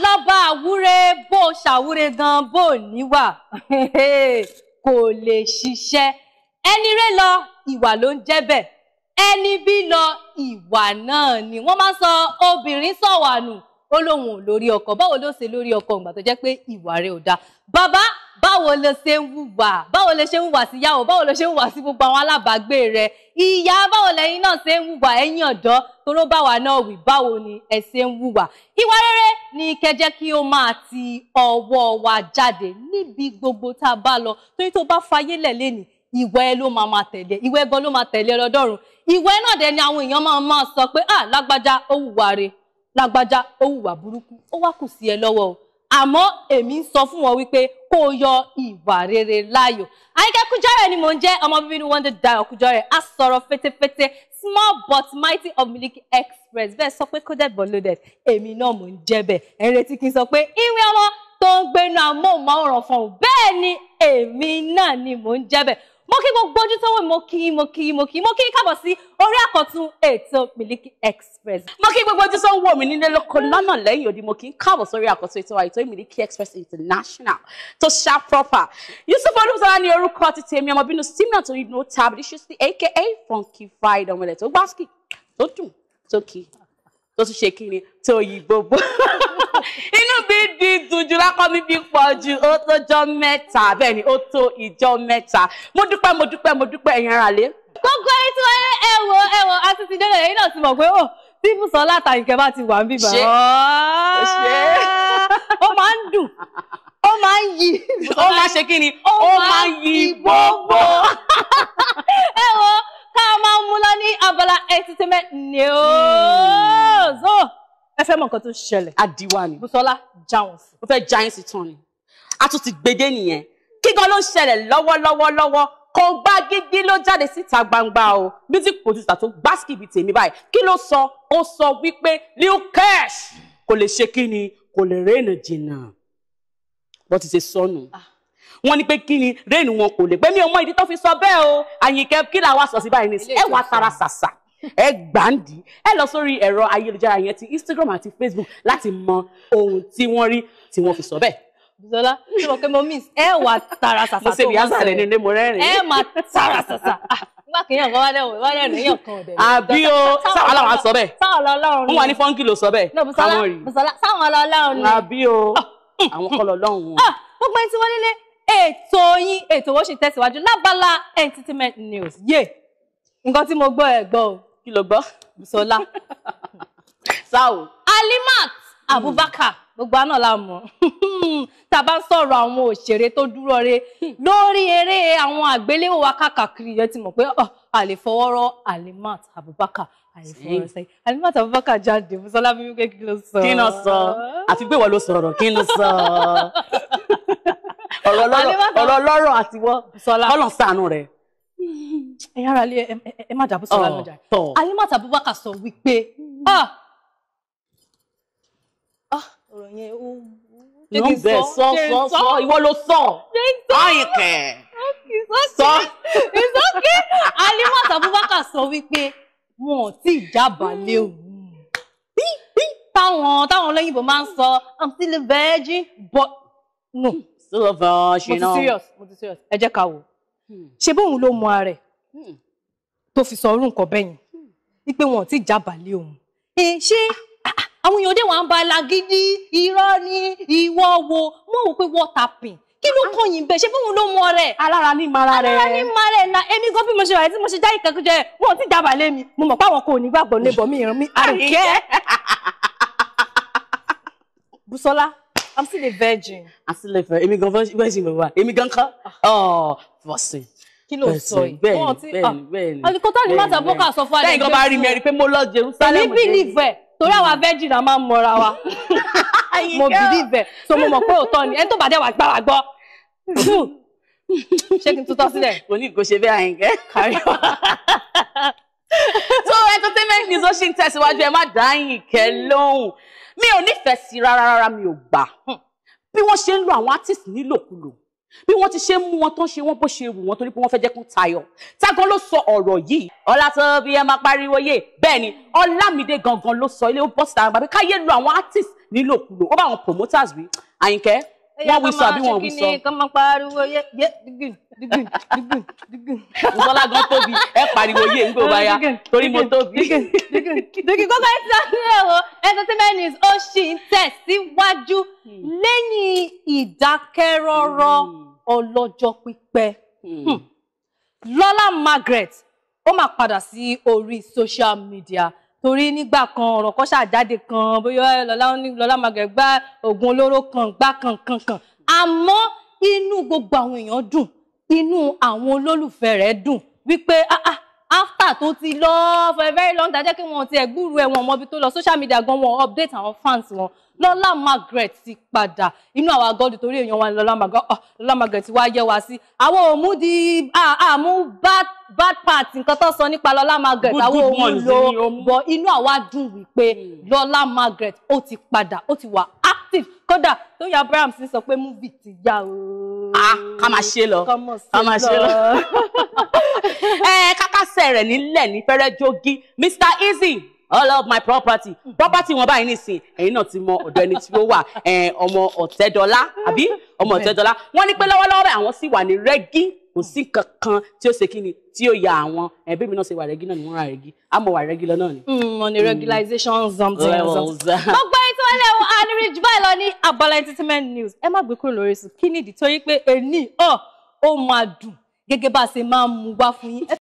alábà àwúre bó ṣàwúre gan bó níwà kò lè ṣiṣẹ́ ẹni rẹ lọ ìwà ló ń jẹ́ bẹ́ẹ̀ ẹni bí lọ ìwà náà ni wọ́n máa ń sọ obìnrin sọ̀wànù ó lóun ò lórí ọkọ báwo ló ṣe lórí ọkọ ìgbà tó jẹ́ pé ìwà rẹ̀ ò dáa bàbá báwo ló ṣe ń wùwà báwo ló ṣe ń wùwà sí ìyàwó báwo ló ṣe ń wùwà sí gbogbo àwọn alábàágbé rẹ ìyá báwo lẹ̀yin náà ṣe ń wùwà ẹ̀yin ọ̀dọ́ toró báwa náà wì báwo ni ẹ ṣe ń wùwà ìwà rere ni kẹjẹ kí ó máa ti ọwọ́ wa jáde níbi gbogbo tá a bá lọ torí tó bá fayé lẹ̀ lẹ́nìí ìwà ẹ ló máa máa tẹ̀lé ìwà gan ló máa tẹ̀lé ọlọ́dọ̀run ìwà náà dẹ̀ ni àwọn èèyàn máa máa sọ pé ah lágbájá ó hùwà re lágbájá ó hùwà burúkú ó wá kù sí ẹ lọ́wọ́ o àmọ́ èmi ń sọ fún wọn wípé kó o yọ ìwà rere láàyò Àyìnkẹ́ Kújọrẹ ni mò ń jẹ́ ọmọ bíbí inú Wonder Dayo Kújọrẹ á sọ̀rọ̀ fetefete small but mighty of Miliki Express bẹ́ẹ̀ sọ pé coded but loaded èmi náà mò ń jẹ́ bẹ́ẹ̀ ẹ̀ ń retí kí n sọ pé ìwé ọmọ tó ń gbénu amóhùnmáwòrán fún un bẹ́ẹ̀ ni èmi náà ni mò ń jẹ́ bẹ́ẹ̀ mo kí gbogbo ojú tó wò mo kí mo kí mo kí mo kí kábọ̀ sí orí àkọ́tún ètò Miliki Express mo kí gbogbo ojú tó ń wò mí nílé lóko lọ́nà lẹ́yìn òdi mo kí kábọ̀ sórí àkọ́tún ètò àìtó Miliki Express International tó ṣá proper Yusuf Olúmọ̀sọ́lá ní orúkọ ti tèmi ọmọ bínú Simeon tó inú tab ní ṣíṣí aka Funky Fried ọmọlẹ̀ tó gbásíkì tó dùn tó kí tó tún ṣe kí tó yí gbogbo. inú mi bí dùnjú lákọ́ mi bí pọ̀ ju ó tó jọ́ mẹ́ta bẹ́ẹ̀ ni ó tó ìjọ́ mẹ́ta mo dúpẹ́ mo dúpẹ́ mo dúpẹ́ ẹ̀yin ara lé. gbogbo ẹni tí ẹ wo ẹ wo àti ti délé ẹ̀yin náà ti mọ̀ pé ó oh, bíbù sọ látàyìnkẹ́ bá ti wà ń bíbà ó máa ń dùn ó máa ń yí ó máa kí ni ó máa ń yí gbogbo. nǹkan tó ṣẹlẹ̀. adiwa ni. Bùsọ́lá já wọn sí. mo fẹ́ já yín sí tán ni. a tún ti gbede nìyẹn kíkan ló ń ṣẹlẹ̀ lọ́wọ́lọ́wọ́lọ́wọ́ kò gbá gígbí ló jáde síta gbangba o music producer tó gbásìkì bíi tèmi báyìí kí ló sọ ó sọ wípé Lil Kesh kò lè ṣe kí ni kò lè rẹ́ẹ̀nà jìnnà bó ti ṣe sọnù ah. wọ́n ní pé kí ni rẹ́ẹ̀nì wọn kò lè pé mi ò mọ ìdí tó fi sọ bẹ́ẹ̀ o àyìnkẹ́ kí làwọn sọ sí báyìí nìyí ẹ tara ṣàṣà ẹ gbàǹdì ẹ lọ sórí ẹ̀rọ ayélujára yẹn ti Instagram àti Facebook láti mọ ohun tí wọ́n rí tí wọ́n fi sọ bẹ́ẹ̀. Bisola, ṣé mo pé mo miss ẹ wà tara sàsà tó wọ́n sọ. Mo ṣe ìyáàsà rẹ̀ nínú mo rẹ́rìn. Ẹ máa tara sàsà. Ah, nígbà kìíyàn kan wá dẹ̀wò, wá dẹ̀wò èèyàn kan ọ̀dẹ̀. Àbí o, sáwọn aláwọ̀ sọ bẹ́ẹ̀. Sáwọn ọlọ́run ni. Wọ́n wà ní fọ́nkì ló sọ bẹ́ẹ̀. No, Bisola, Bisola, sáwọn ọlọ́run ni. Àbí o, àwọn kọ́ lọ́lọ́run wọn. Ah, ah, gbogbo ẹni tí wọ́n nílé ètò yín, ètò wọ́n ṣì tẹ̀síwájú lábala entertainment news. Yé, nǹkan tí mo gbọ́ ẹ̀ gbọ́ o kí ló gbọ́ Bùsọ́lá sáwò Alimat Abubakar gbogbo àná la mọ̀ tá a bá ń sọ̀rọ̀ àwọn òṣèré tó dúró re lórí eré àwọn àgbéléwò wa káàkiri yẹn ti mọ̀ pé àlefọwọ́rọ́ oh, Alimat Abubakar àlefọwọ́rọ́ Alimat Abubakar jáde Bùsọ́lá bí wípé kí ló sọ. kí ló sọ àfi pé ìwọ ló sọ̀rọ̀ kí ló sọ ọ̀rọ̀ ọlọ́rọ̀ àtiwọ́ Bùsọ́lá kọ́lọ̀ ẹ̀yin ara ilé ẹ má dàbò sọ̀rọ̀ àlọ́jà ayé má tàbí wákà sọ wípé ọ̀rọ̀ yẹn ó ló ń bẹ sọ sọ sọ ìwọ ló sọ Àyìnkẹ́ sọ. ìsókè ayé má tàbí wákà sọ wípé wọn ò tí ì jábàálẹ̀ òun táwọn táwọn olóyìnbó máa ń sọ i'm still a virgin but no. still virgin. mo ti serious mo ti serious ẹ jẹ́ ká wò hmm. ṣé bóun ló mú ara rẹ̀ Hmm. tó fi sọ irú nǹkan bẹ́yìn wípé hmm. wọn ò tí jábàálẹ̀ òun. Eh, ṣé ah, ah, ah. àwọn èèyàn dé wàá ń ba lagidi irọ́ ni ìwọ wo mo wò pé water pin kí ló kàn yín bẹ́ẹ̀ ṣé fóun ló mọ rẹ̀. alára ní mara rẹ̀ alára ní mara rẹ̀ na èmi gan bí mo ṣe wà tí mo ṣe já ìkẹ́kọ̀jẹ́ wọn ò tí jábàálẹ̀ mi mo mọ̀ pé kò ní gbàgbọ́ níbọ̀ mi ìrìn mi àríkẹ́. Busola, I'm still a virgin. I'm still a virgin. Èmi gan virgin wa. Èmi gan kan. Oh, first kí ló sọ yìí wọn ti àdìkọ ah, tá ní mọta bọkà sọ fún àdìjọ lẹ́yìn kan bá rí mi ẹrí pé mo lọ Jerusalem èmi bìlìfẹ torí àwa virgin a máa ń mọra wa mo bìlìfẹ so mo mọ̀ pé òótọ́ ni ẹni tó bá dé wà gbà wà gbọ́ ṣé kí n tutọ́ sílẹ̀. mo ní ìgò ṣe bẹ́ẹ̀ àyìnkẹ́. kárí wa. so entertainment news ó ṣì ń tẹ̀síwájú ẹ má dá Àyìnkẹ́ lóhùn mi ò nífẹ̀ẹ́ sí rárá rárá mi ò gbà hm. bí wọ́n ṣe ń lo àwọn artist nílòkulò bí wọ́n ti ṣe mú wọn tó ń ṣe wọ́n bó ṣe wù wọ́n torí pé wọ́n fẹ́ jẹ́ kó tayọ tágan ló sọ ọ̀rọ̀ yìí ọlátọ́bí ẹ máa pariwo yé bẹ́ẹ̀ ni ọlámídé gangan ló sọ ilé ó bọ́ síta àwọn bàbá káyé lu àwọn artiste nílòkulò ó bá àwọn promoters wí àyìnkẹ́ wọ́n wí sọ àbí wí sọ. kọ́mọ digun digun digun digun. Bùsọ́lá gan tóbi ẹ pariwo yé nígbà bá yá torí mo tóbi. dùkì kókó ẹ ti sáré o entertainment news ó ṣì ń tẹ̀síwájú hmm. lẹ́yìn ìdákẹ́rọ́rọ́ hmm. ọlọ́jọ́ pípẹ́. Hmm. Lọ́lá Margaret ó máa padà sí orí social media torí nígbà kan ọ̀rọ̀ kọ́ ṣàjáde kan bóyá lọ́lá lọ́lá magẹ̀ gbá oògùn olóró kan gbá kan kan àmọ́ inú gbogbo àwọn èèyàn dùn inú àwọn olólùfẹ́ rẹ̀ dùn wípé ah ah after tó ti lọ for a very long time jẹ́ kí wọ́n ti ẹ̀gbúrú ẹ̀ wọn mọ́bi tó lọ social media gan wọn update àwọn fans wọn lọ́lá Margaret ti padà inú àwọn agọ́dù torí èèyàn wa lọ́lá Margaret ah, lọ́lá Margaret wá yẹ wá sí àwọn òmù di àmú bad bad part nǹkan tó sọ nípa lọ́lá Margaret àwọn òmù lò bọ̀ inú àwa dùn wípé hmm. lọ́lá Margaret ó ti padà ó ti wà active kódà Tóyìn Abraham sì sọ pé múvì ti yá o ká máa ṣe lọ ká máa ṣe lọ ẹ kákásẹ̀ rẹ̀ ní fẹ́rẹ́ jogi Mr Easy all of my property property wọn báyìí nìsín ẹ̀yin náà ti mọ ọ̀dọ̀ ẹni tí ó wà ọmọ Ọ̀tẹ́dọ́lá àbí ọmọ Ọ̀tẹ́dọ́lá wọ́n ní pé lọ́wọ́lọ́wọ́ àwọn sì wà ní rẹ́gí kò sí kankan tí ó ṣe kí ni tí ó ya àwọn ẹbí mi náà ṣe wà rẹ́gí náà ni wọ́n ra rẹ́gí á wà rẹ́gí lọ náà ni. mo hmm, ní hmm. regularization something something rí jù báyìí lọ ní abala entertainment news ẹ má gbé kúrò lórí sùn kí nìdí torí pé èní ọ̀ ó máa dùn gẹ́gẹ́ bá a ṣe máa ń mú wá fún yín